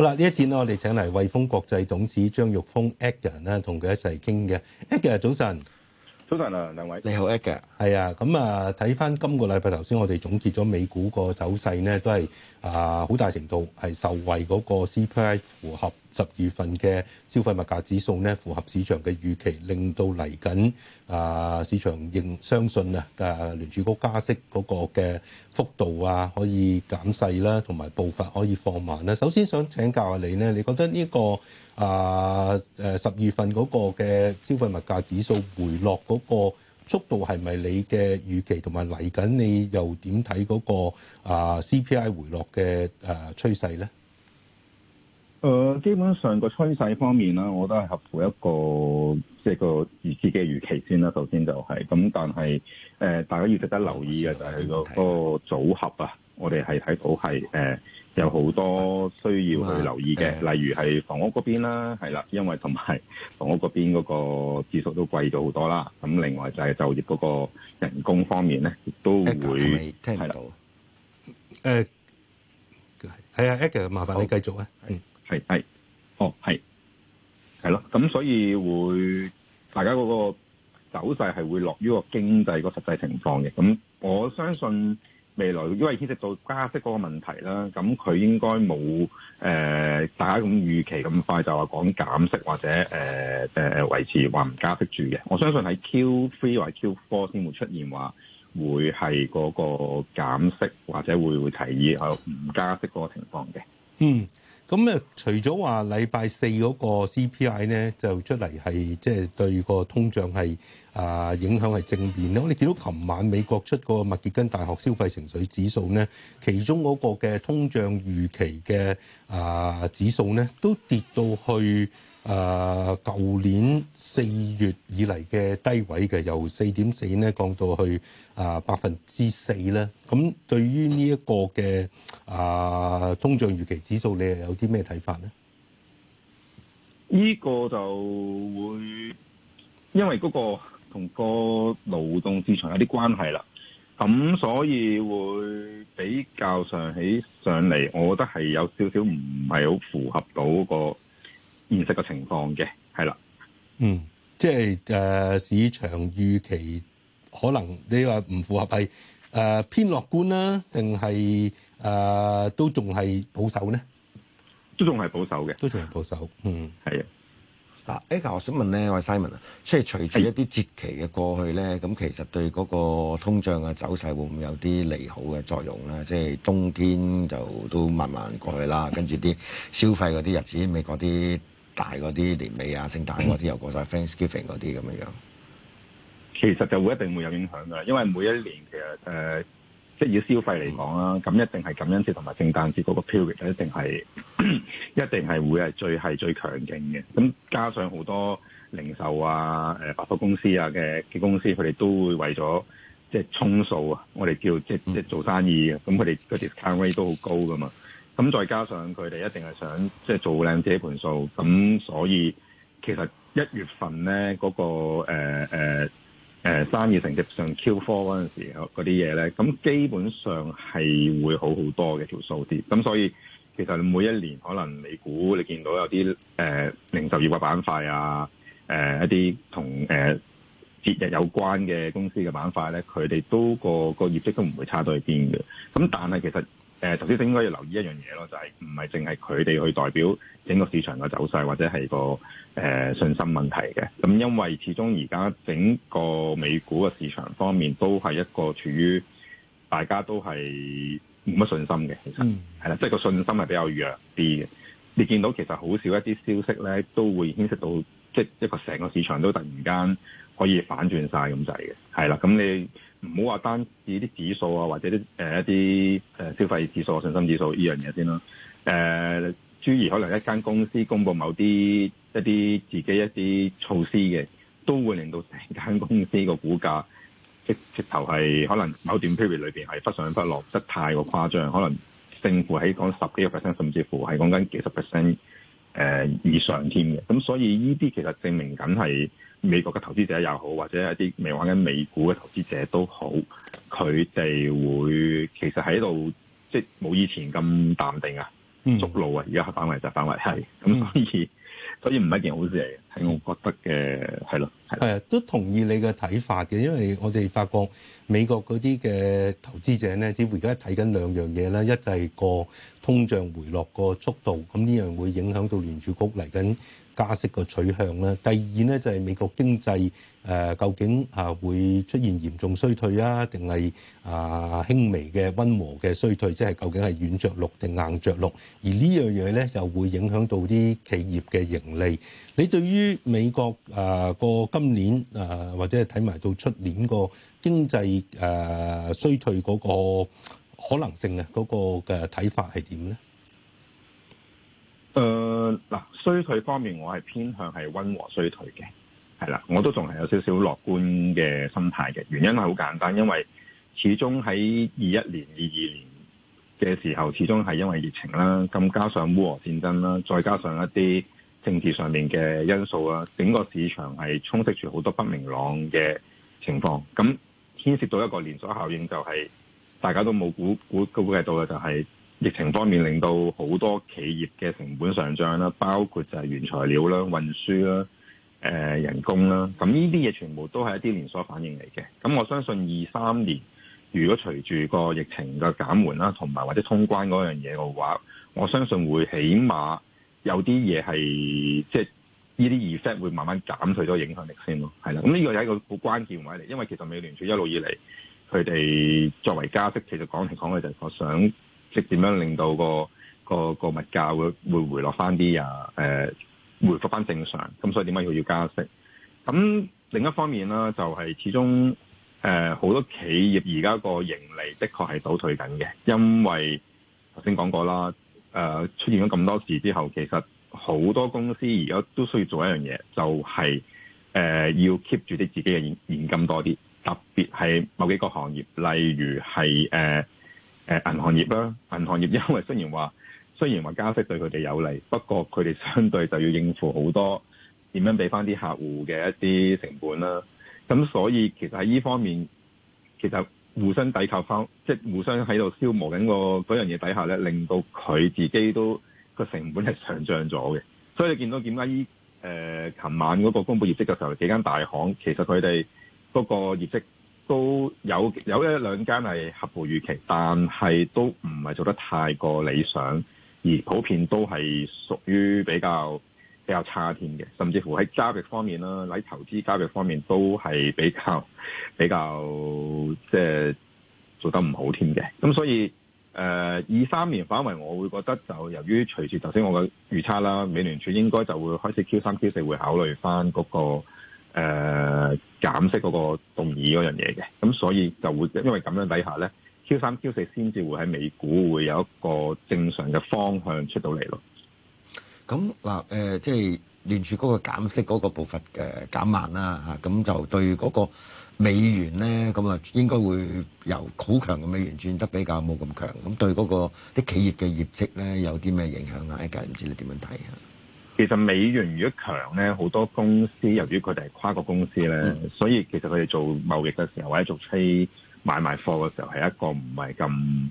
好啦，呢一節咧，我哋請嚟惠峰國際董事張玉峰 Edgar 咧，同佢一齊傾嘅。Edgar 早晨，早晨啊，兩位，你好 Edgar，係啊，咁啊，睇翻今個禮拜頭先，我哋總結咗美股個走勢咧，都係啊，好大程度係受惠嗰個 CPI 符合。十二月份嘅消費物價指數咧，符合市場嘅預期，令到嚟緊啊市場認相信啊、啊，聯儲局加息嗰個嘅幅度啊，可以減細啦，同埋步伐可以放慢啦。首先想請教下你咧，你覺得呢、這個啊誒十二月份嗰個嘅消費物價指數回落嗰個速度係咪你嘅預期，同埋嚟緊你又點睇嗰個啊 CPI 回落嘅誒、啊、趨勢咧？誒、呃、基本上個趨勢方面啦，我都係合乎一個即係個自己嘅預期先啦。首先就係、是、咁，但係誒、呃、大家要值得留意嘅就係嗰個組合啊。我哋係睇到係誒、啊呃、有好多需要去留意嘅，啊呃、例如係房屋嗰邊啦，係啦，因為同埋房屋嗰邊嗰個指數都貴咗好多啦。咁另外就係就業嗰個人工方面咧，亦都會聽到誒。係啊 Eric 麻煩你繼續啊。呃的係係，哦，係，係咯，咁所以會大家嗰個走勢係會落於個經濟個實際情況嘅。咁我相信未來因為牽涉到加息嗰個問題啦，咁佢應該冇誒、呃、大家咁預期咁快就話講減息或者誒誒、呃呃、維持話唔加息住嘅。我相信喺 Q three 或 Q four 先會出現話會係嗰個減息或者會會提議係唔加息嗰個情況嘅。嗯。咁誒，除咗話禮拜四嗰個 CPI 咧，就出嚟係即係對個通脹係啊影響係正面咯。我哋見到琴晚美國出個麥傑根大學消費情緒指數咧，其中嗰個嘅通脹預期嘅啊指數咧，都跌到去。誒舊、啊、年四月以嚟嘅低位嘅，由四點四咧降到去啊百分之四咧。咁對於呢一個嘅啊通脹預期指數，你又有啲咩睇法咧？呢個就會因為嗰個同個勞動市場有啲關係啦，咁所以會比較上起上嚟，我覺得係有少少唔係好符合到嗰、嗰個。現實嘅情況嘅，係啦，嗯，即係誒、呃、市場預期可能你話唔符合係誒、呃、偏樂觀啦、啊，定係誒都仲係保守呢？都仲係保守嘅，都仲係保守，嗯，係啊的。嗱，誒，我想問咧，我係 Simon 啊，即係隨住一啲節期嘅過去咧，咁、哎、呀其實對嗰個通脹嘅走勢會唔會有啲利好嘅作用咧？即係冬天就都慢慢過去啦，跟住啲消費嗰啲日子，美國啲，大嗰啲年尾啊、聖誕嗰啲又過晒 Thanksgiving 嗰啲咁樣樣， 其實就會一定會有影響噶，因為每一年其實誒、呃，即係以消費嚟講啦，咁一定係感恩節同埋聖誕節嗰個 period 一定係 一定係會係最係最強勁嘅。咁加上好多零售啊、誒、呃、百貨公司啊嘅嘅公司，佢哋都會為咗即係充數啊，我哋叫即即係做生意啊，咁佢哋嗰啲 discount rate 都好高噶嘛。咁再加上佢哋一定係想即係、就是、做靚自己盤數，咁所以其實一月份咧嗰、那個誒誒、呃呃、生意成績上 Q4 嗰時嗰啲嘢咧，咁基本上係會好好多嘅條、那個、數啲。咁所以其實每一年可能你估你見到有啲、呃、零售業嘅板塊啊，呃、一啲同誒節日有關嘅公司嘅板塊咧，佢哋都個個業績都唔會差到去邊嘅。咁但係其實誒頭先應該要留意一樣嘢咯，就係唔係淨係佢哋去代表整個市場嘅走勢，或者係個誒、呃、信心問題嘅。咁因為始終而家整個美股嘅市場方面都係一個處於大家都係冇乜信心嘅，其實係啦，即係、嗯就是、個信心係比較弱啲嘅。你見到其實好少一啲消息咧，都會牽涉到即係、就是、一個成個市場都突然間可以反轉晒咁滯嘅，係啦。咁你。唔好話單止啲指數啊，或者啲誒一啲誒消費指數、信心指數呢樣嘢先啦誒，諸、呃、如可能一間公司公布某啲一啲自己一啲措施嘅，都會令到成間公司個股價即直頭係可能某段 period 裏面係忽上忽落，得太過誇張，可能升幅喺講十幾個 percent，甚至乎係講緊幾十 percent、呃、以上添嘅。咁所以呢啲其實證明緊係。美國嘅投資者又好，或者一啲未玩緊美股嘅投資者都好，佢哋會其實喺度即係冇以前咁淡定啊，嗯、逐路啊，而家反圍就反圍係，咁所以、嗯、所以唔係一件好事嚟嘅。我覺得嘅係咯，係啊，都同意你嘅睇法嘅。因為我哋發覺美國嗰啲嘅投資者咧，只而家睇緊兩樣嘢啦，一就係個通脹回落個速度，咁呢樣會影響到聯儲局嚟緊加息個取向啦。第二咧就係美國經濟誒，究竟啊會出現嚴重衰退啊，定係啊輕微嘅溫和嘅衰退，即係究竟係軟著陸定硬著陸？而呢樣嘢咧，又會影響到啲企業嘅盈利。你對於美國誒個今年誒或者係睇埋到出年個經濟誒衰退嗰個可能性嘅嗰個嘅睇法係點咧？誒嗱、呃，衰退方面我係偏向係溫和衰退嘅，係啦，我都仲係有少少樂觀嘅心態嘅。原因係好簡單，因為始終喺二一年、二二年嘅時候，始終係因為疫情啦，咁加上烏俄戰爭啦，再加上一啲。政治上面嘅因素啊，整個市場係充斥住好多不明朗嘅情況，咁牽涉到一個連鎖效應，就係，就係大家都冇估估估計到嘅，就係、是、疫情方面令到好多企業嘅成本上漲啦，包括就係原材料啦、運輸啦、呃、人工啦，咁呢啲嘢全部都係一啲連鎖反應嚟嘅。咁我相信二三年，如果隨住個疫情嘅減緩啦，同埋或者通關嗰樣嘢嘅話，我相信會起碼。有啲嘢係即係呢啲 effect 會慢慢減退咗影響力先咯，係啦。咁呢個係一個好關鍵位嚟，因為其實美聯儲一路以嚟佢哋作為加息，其實講嚟講去就係我想即點樣令到個個個物價會會回落翻啲啊？誒，回復翻正常。咁所以點解佢要加息？咁另一方面啦，就係始終誒好多企業而家個盈利的確係倒退緊嘅，因為頭先講過啦。誒、呃，出現咗咁多事之後，其實好多公司而家都需要做一樣嘢，就係、是、誒、呃、要 keep 住啲自己嘅現金多啲，特別係某幾個行業，例如係誒誒銀行業啦，銀行業因為雖然話雖然話加息對佢哋有利，不過佢哋相對就要應付好多點樣俾翻啲客戶嘅一啲成本啦。咁所以其實喺呢方面，其實。互相抵扣返，即係互相喺度消磨緊個嗰樣嘢底下咧，令到佢自己都個成本係上漲咗嘅。所以你見到點解依誒琴晚嗰個公布業績嘅時候，幾間大行其實佢哋嗰個業績都有有一兩間係合乎預期，但係都唔係做得太過理想，而普遍都係屬於比較，比較差添嘅，甚至乎喺交易方面啦，喺投資交易方面都係比較比較即係做得唔好添嘅。咁所以，誒二三年反為我會覺得就由於隨住頭先我嘅預測啦，美聯儲應該就會開始 Q 三、Q 四會考慮翻嗰個誒減息嗰個動議嗰樣嘢嘅。咁所以就會因為咁樣底下呢 Q 三、Q 四先至會喺美股會有一個正常嘅方向出到嚟咯。咁嗱誒，即係聯儲局嘅減息嗰個步伐嘅減慢啦嚇，咁就對嗰個美元咧，咁啊應該會由好強嘅美元轉得比較冇咁強，咁對嗰個啲企業嘅業績咧有啲咩影響啊？一間唔知你點樣睇啊？其實美元如果強咧，好多公司由於佢哋係跨國公司咧，所以其實佢哋做貿易嘅時候或者做批買賣貨嘅時候係一個唔係咁。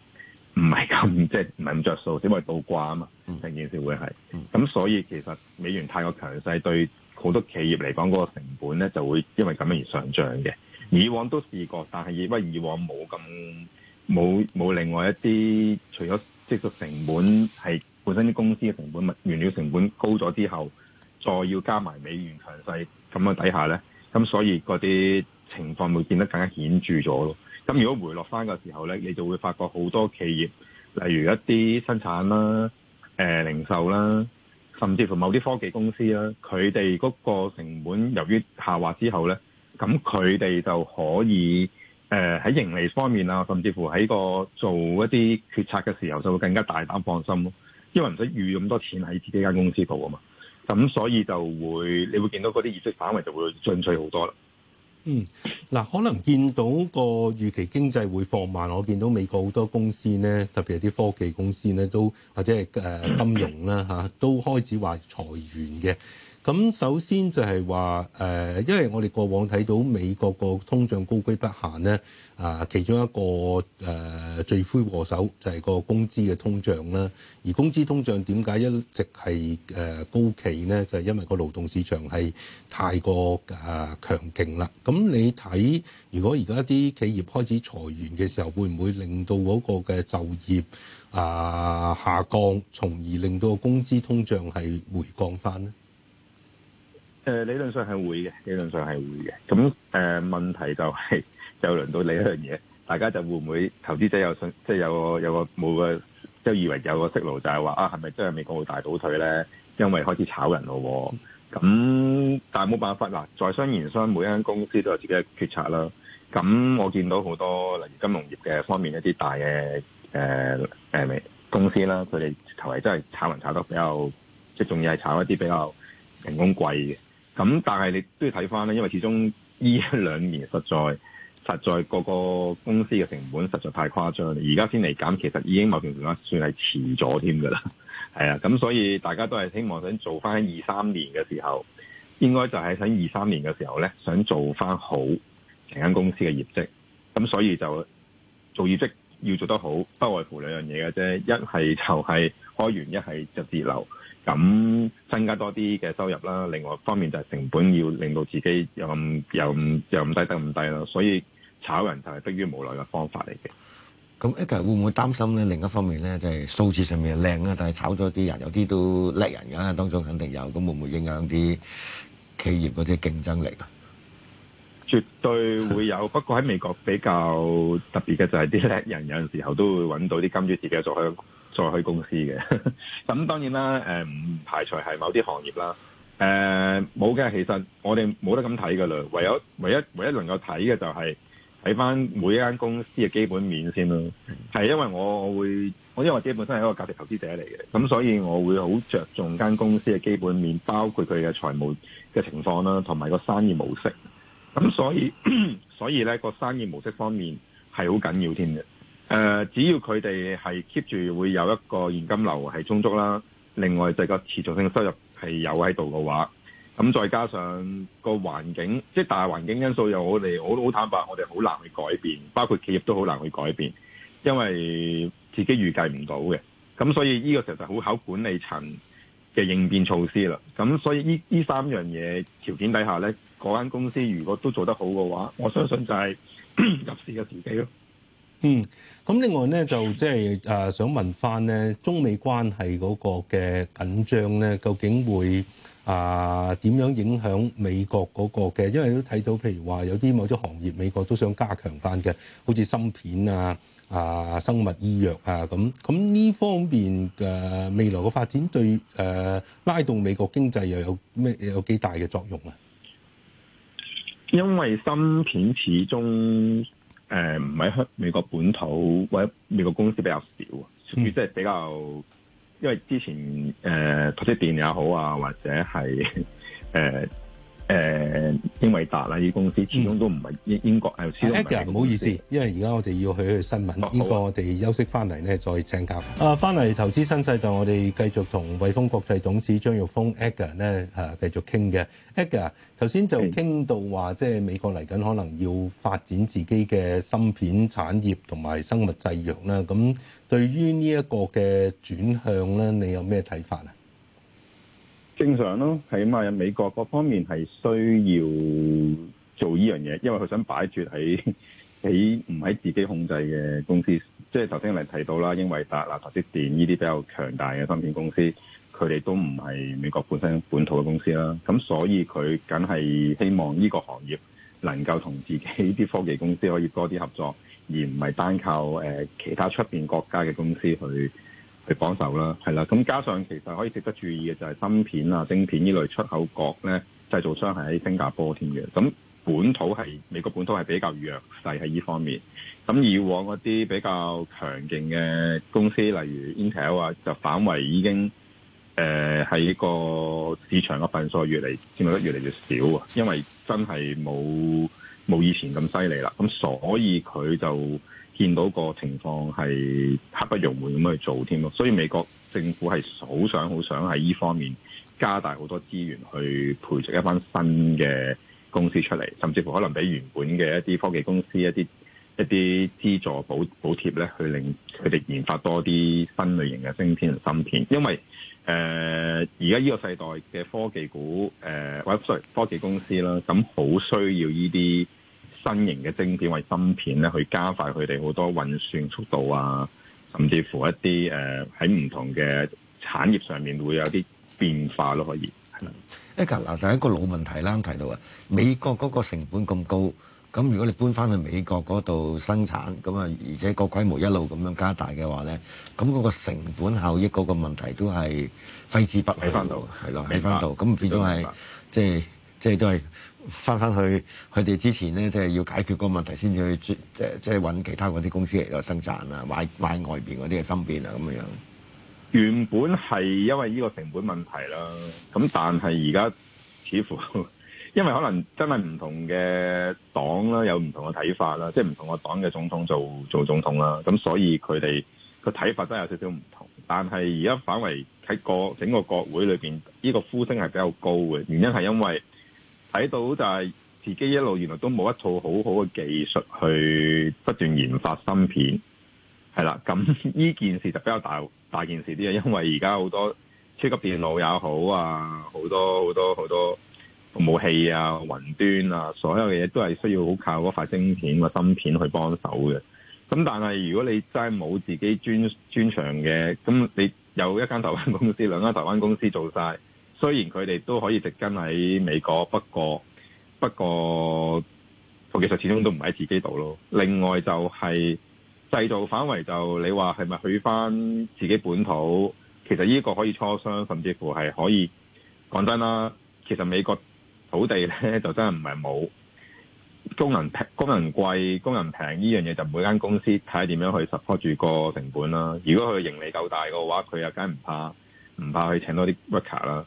唔係咁即係唔係咁着數，因為倒掛啊嘛，成件事會係咁，所以其實美元太過強勢對好多企業嚟講嗰個成本咧就會因為咁樣而上漲嘅。以往都試過，但係因為以往冇咁冇冇另外一啲，除咗即係個成本係本身啲公司嘅成本物原料成本高咗之後，再要加埋美元強勢咁樣底下咧，咁所以嗰啲情況會變得更加顯著咗咯。咁如果回落翻嘅時候咧，你就會發覺好多企業，例如一啲生產啦、呃、零售啦，甚至乎某啲科技公司啦，佢哋嗰個成本由於下滑之後咧，咁佢哋就可以誒喺、呃、盈利方面啊，甚至乎喺個做一啲決策嘅時候就會更加大膽放心咯，因為唔使預咁多錢喺自己間公司度啊嘛，咁所以就會你會見到嗰啲業績反圍就會進取好多啦。嗯，嗱，可能見到個預期經濟會放慢，我見到美國好多公司咧，特別係啲科技公司咧，都或者係誒金融啦嚇，都開始話裁員嘅。咁首先就係話誒，因為我哋過往睇到美國個通脹高居不下咧，啊、呃，其中一個誒、呃、罪魁禍首就係、是、個工資嘅通脹啦。而工資通脹點解一直係誒、呃、高企呢？就係、是、因為個勞動市場係太過誒、呃、強勁啦。咁你睇，如果而家啲企業開始裁員嘅時候，會唔會令到嗰個嘅就業啊、呃、下降，從而令到個工資通脹係回降返呢？誒理論上係會嘅，理論上係會嘅。咁誒、呃、問題就係、是、就輪到你一樣嘢，大家就會唔會投資者有信，即係有有個冇個，個即係以為有個息路，就係話啊，係咪真係美國好大倒退咧？因為開始炒人咯、喔。咁但係冇辦法啦，在商言商，每一間公司都有自己嘅決策啦。咁我見到好多例如金融業嘅方面一啲大嘅誒誒公司啦，佢哋頭嚟真係炒人炒得比較，即係仲要係炒一啲比較人工貴嘅。咁但係你都要睇翻咧，因為始終呢一兩年實在實在個個公司嘅成本實在太誇張，而家先嚟減，其實已經某程度算係遲咗添噶啦。係啊，咁所以大家都係希望想做翻二三年嘅時候，應該就係喺二三年嘅時候咧，想做翻好成間公司嘅業績。咁所以就做業績要做得好，不外乎兩樣嘢嘅啫，一係就係開源，一係就節流。咁增加多啲嘅收入啦，另外一方面就係成本要令到自己又唔又唔又唔低得咁低咯，所以炒人就係逼於無奈嘅方法嚟嘅。咁一格會唔會擔心咧？另一方面咧，就係、是、數字上面靚呀，但係炒咗啲人，有啲都叻人噶，當中肯定有，咁會唔會影響啲企業嗰啲競爭力啊？絕對會有， 不過喺美國比較特別嘅就係啲叻人，有陣時候都會揾到啲金魚自己做香。再去公司嘅，咁 當然啦，誒、呃、唔排除係某啲行業啦，誒，冇嘅，其實我哋冇得咁睇噶啦，唯有唯一唯一能夠睇嘅就係睇翻每一間公司嘅基本面先咯，係因為我會，我因為自己本身係一個價值投資者嚟嘅，咁所以我會好着重間公司嘅基本面，包括佢嘅財務嘅情況啦，同埋個生意模式，咁所以 所以咧、呢個生意模式方面係好緊要添嘅。誒、呃，只要佢哋係 keep 住會有一個現金流係充足啦，另外就個持續性收入係有喺度嘅話，咁再加上個環境，即係大環境因素，又我哋好好坦白，我哋好難去改變，包括企業都好難去改變，因為自己預計唔到嘅，咁所以呢個其實好考管理層嘅應變措施啦。咁所以呢呢三樣嘢條件底下呢，嗰間公司如果都做得好嘅話，我相信就係、是、 入市嘅時機咯。嗯，咁另外咧就即、就、係、是啊、想問翻咧中美關係嗰個嘅緊張咧，究竟會啊點樣影響美國嗰個嘅？因為都睇到譬如話有啲某啲行業美國都想加強翻嘅，好似芯片啊、啊生物醫藥啊咁。咁、啊、呢方面嘅、啊、未來嘅發展對、啊、拉動美國經濟又有咩有幾大嘅作用啊？因為芯片始終。誒唔喺香美國本土或者美國公司比較少，即係比較，因為之前誒台積電也好啊，或者係誒。呃誒英偉達啦，呢啲公司始終都唔係英英國誒。嗯、國 Adger 唔好意思，因為而家我哋要去，去新聞，呢個、哦、我哋休息翻嚟咧再請教。的啊，翻嚟投資新世代，我哋繼續同惠峰國際董事張玉峰 Adger 咧誒繼續傾嘅。Adg、啊、er 頭先就傾到話，的即係美國嚟緊可能要發展自己嘅芯片產業同埋生物製藥啦。咁對於呢一個嘅轉向咧，你有咩睇法啊？正常咯，起碼有美國各方面係需要做呢樣嘢，因為佢想擺脫喺喺唔喺自己控制嘅公司。即係頭先你提到啦，英偉達、啦、台積電呢啲比較強大嘅芯片公司，佢哋都唔係美國本身本土嘅公司啦。咁所以佢梗係希望呢個行業能夠同自己啲科技公司可以多啲合作，而唔係單靠、呃、其他出邊國家嘅公司去。幫手啦，係啦，咁加上其實可以值得注意嘅就係芯片啊、芯片呢類出口國呢製造商係喺新加坡添嘅，咁本土係美國本土係比較弱勢喺呢方面。咁以往嗰啲比較強勁嘅公司，例如 Intel 啊，就反為已經誒喺、呃、個市場嘅份數越嚟佔得越嚟越少啊，因為真係冇冇以前咁犀利啦，咁所以佢就。見到個情況係刻不容緩咁樣去做添咯，所以美國政府係好想好想喺呢方面加大好多資源去培植一班新嘅公司出嚟，甚至乎可能俾原本嘅一啲科技公司一啲一啲資助補補貼咧，去令佢哋研發多啲新類型嘅晶片、芯片，因為誒而家呢個世代嘅科技股誒或者科技公司啦，咁好需要呢啲。新型嘅晶片，或者芯片咧，去加快佢哋好多運算速度啊，甚至乎一啲誒喺唔同嘅產業上面會有啲變化咯，可以。誒，嗱，第一個老問題啦，提到啊，美國嗰個成本咁高，咁如果你搬翻去美國嗰度生產咁啊，那而且個規模一路咁樣加大嘅話咧，咁嗰個成本效益嗰個問題都係揮之不去。翻到，係咯了，喺翻度，咁變咗係即係即係都係。翻翻去佢哋之前咧，即係要解決嗰個問題先至去即即揾其他嗰啲公司嚟到生產啊，買買外邊嗰啲嘅芯片啊咁樣。原本係因為呢個成本問題啦，咁但係而家似乎因為可能真係唔同嘅黨啦，有唔同嘅睇法啦，即係唔同嘅黨嘅總統做做總統啦，咁所以佢哋個睇法都有少少唔同。但係而家反為喺整個國會裏面，呢個呼聲係比較高嘅，原因係因為。睇到就係自己一路原來都冇一套好好嘅技術去不斷研發芯片，係啦，咁呢件事就比較大大件事啲啊，因為而家好多超級電腦也好啊，好、嗯、多好多好多武器啊、雲端啊，所有嘅嘢都係需要好靠嗰塊晶片個芯片去幫手嘅。咁但係如果你真係冇自己專專長嘅，咁你有一間台灣公司、兩間台灣公司做晒。雖然佢哋都可以直跟喺美國，不過不過，我其實始終都唔喺自己度咯。另外就係、是、製造反圍就你話係咪去返自己本土？其實呢個可以磋商，甚至乎係可以講真啦。其實美國土地咧就真係唔係冇工人平工人貴工人平呢樣嘢，就每間公司睇下點樣去 support 住個成本啦。如果佢盈利夠大嘅話，佢又梗係唔怕唔怕去請多啲 worker 啦。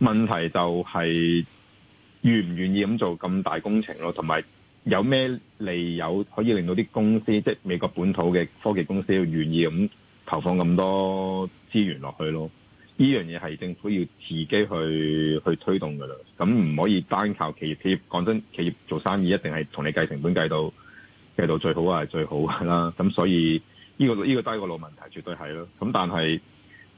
問題就係願唔願意咁做，咁大工程咯，同埋有咩理由可以令到啲公司，即係美國本土嘅科技公司，要願意咁投放咁多資源落去咯？呢樣嘢係政府要自己去去推動噶啦，咁唔可以單靠企業。企業講真，企業做生意一定係同你計成本計，計到計到最好係最好噶啦。咁所以呢、這個呢、這個都係個老問題絕對係咯。咁但係誒。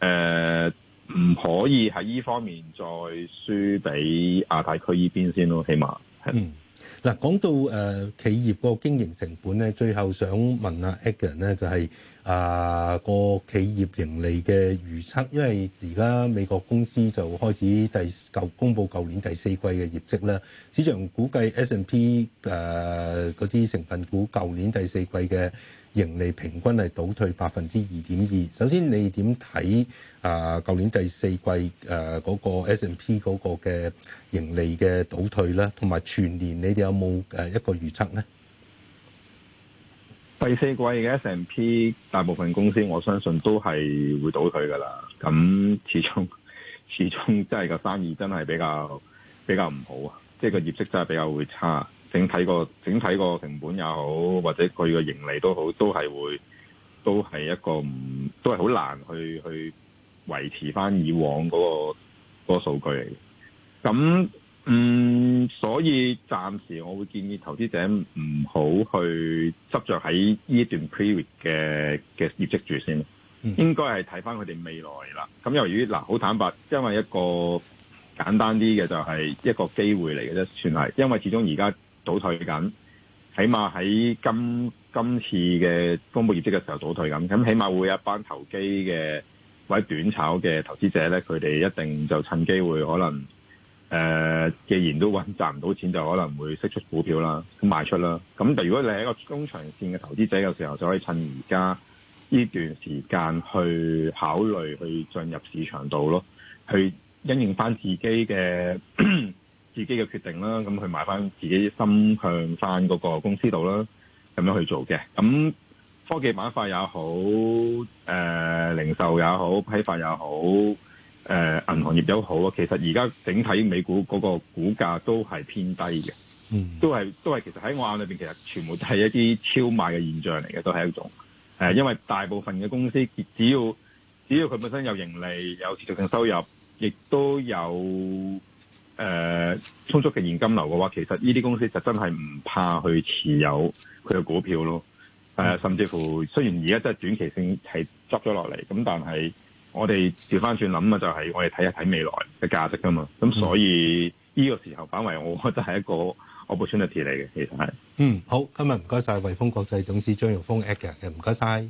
呃唔可以喺呢方面再輸俾亞太區呢邊先咯，起碼嗯。嗱，講到誒企業個經營成本咧，最後想問下 Edgar 咧就係啊個企業盈利嘅預測，因為而家美國公司就開始第舊公布舊年第四季嘅業績啦。市場估計 S&P 誒嗰啲成分股舊年第四季嘅盈利平均係倒退百分之二點二。首先你點睇啊？舊年第四季誒嗰個 S&P 嗰個嘅盈利嘅倒退咧，同埋全年你哋有冇誒一個預測咧？第四季嘅 S&P 大部分公司我相信都係會倒退噶啦。咁始終始終真係個生意真係比較比較唔好啊，即係個業績真係比較會差。整體個整體個成本也好，或者佢個盈利都好，都係會，都係一個唔，都係好難去去維持翻以往嗰個嗰個數據嚟嘅。咁嗯，所以暫時我會建議投資者唔好去執着喺呢段 period 嘅嘅業績住先，應該係睇翻佢哋未來啦。咁由於嗱，好、啊、坦白，因為一個簡單啲嘅就係一個機會嚟嘅啫，算係，因為始終而家。倒退緊，起碼喺今今次嘅公布業績嘅時候倒退緊，咁起碼會有一班投機嘅或者短炒嘅投資者呢，佢哋一定就趁機會，可能誒、呃，既然都揾賺唔到錢，就可能會釋出股票啦，咁賣出啦。咁但如果你係一個中長線嘅投資者嘅時候，就可以趁而家呢段時間去考慮去進入市場度咯，去因應翻自己嘅。自己嘅決定啦，咁去買翻自己的心向翻嗰個公司度啦，咁樣去做嘅。咁科技板塊也好，誒、呃、零售也好，批發也好，誒、呃、銀行業也好，其實而家整體美股嗰個股價都係偏低嘅，嗯，都係都係其實喺我眼裏邊，其實全部都係一啲超賣嘅現象嚟嘅，都係一種誒、呃，因為大部分嘅公司只要只要佢本身有盈利、有持續性收入，亦都有。誒、呃、充足嘅現金流嘅話，其實呢啲公司就真係唔怕去持有佢嘅股票咯。誒、呃，甚至乎雖然而家真係短期性係執咗落嚟，咁但係我哋調翻轉諗啊，就係我哋睇一睇未來嘅價值㗎嘛。咁所以呢個時候反為我覺得係一個 opportunity 嚟嘅，其實係。嗯，好，今日唔該晒惠峰國際董事張玉峰 at 嘅，唔該晒。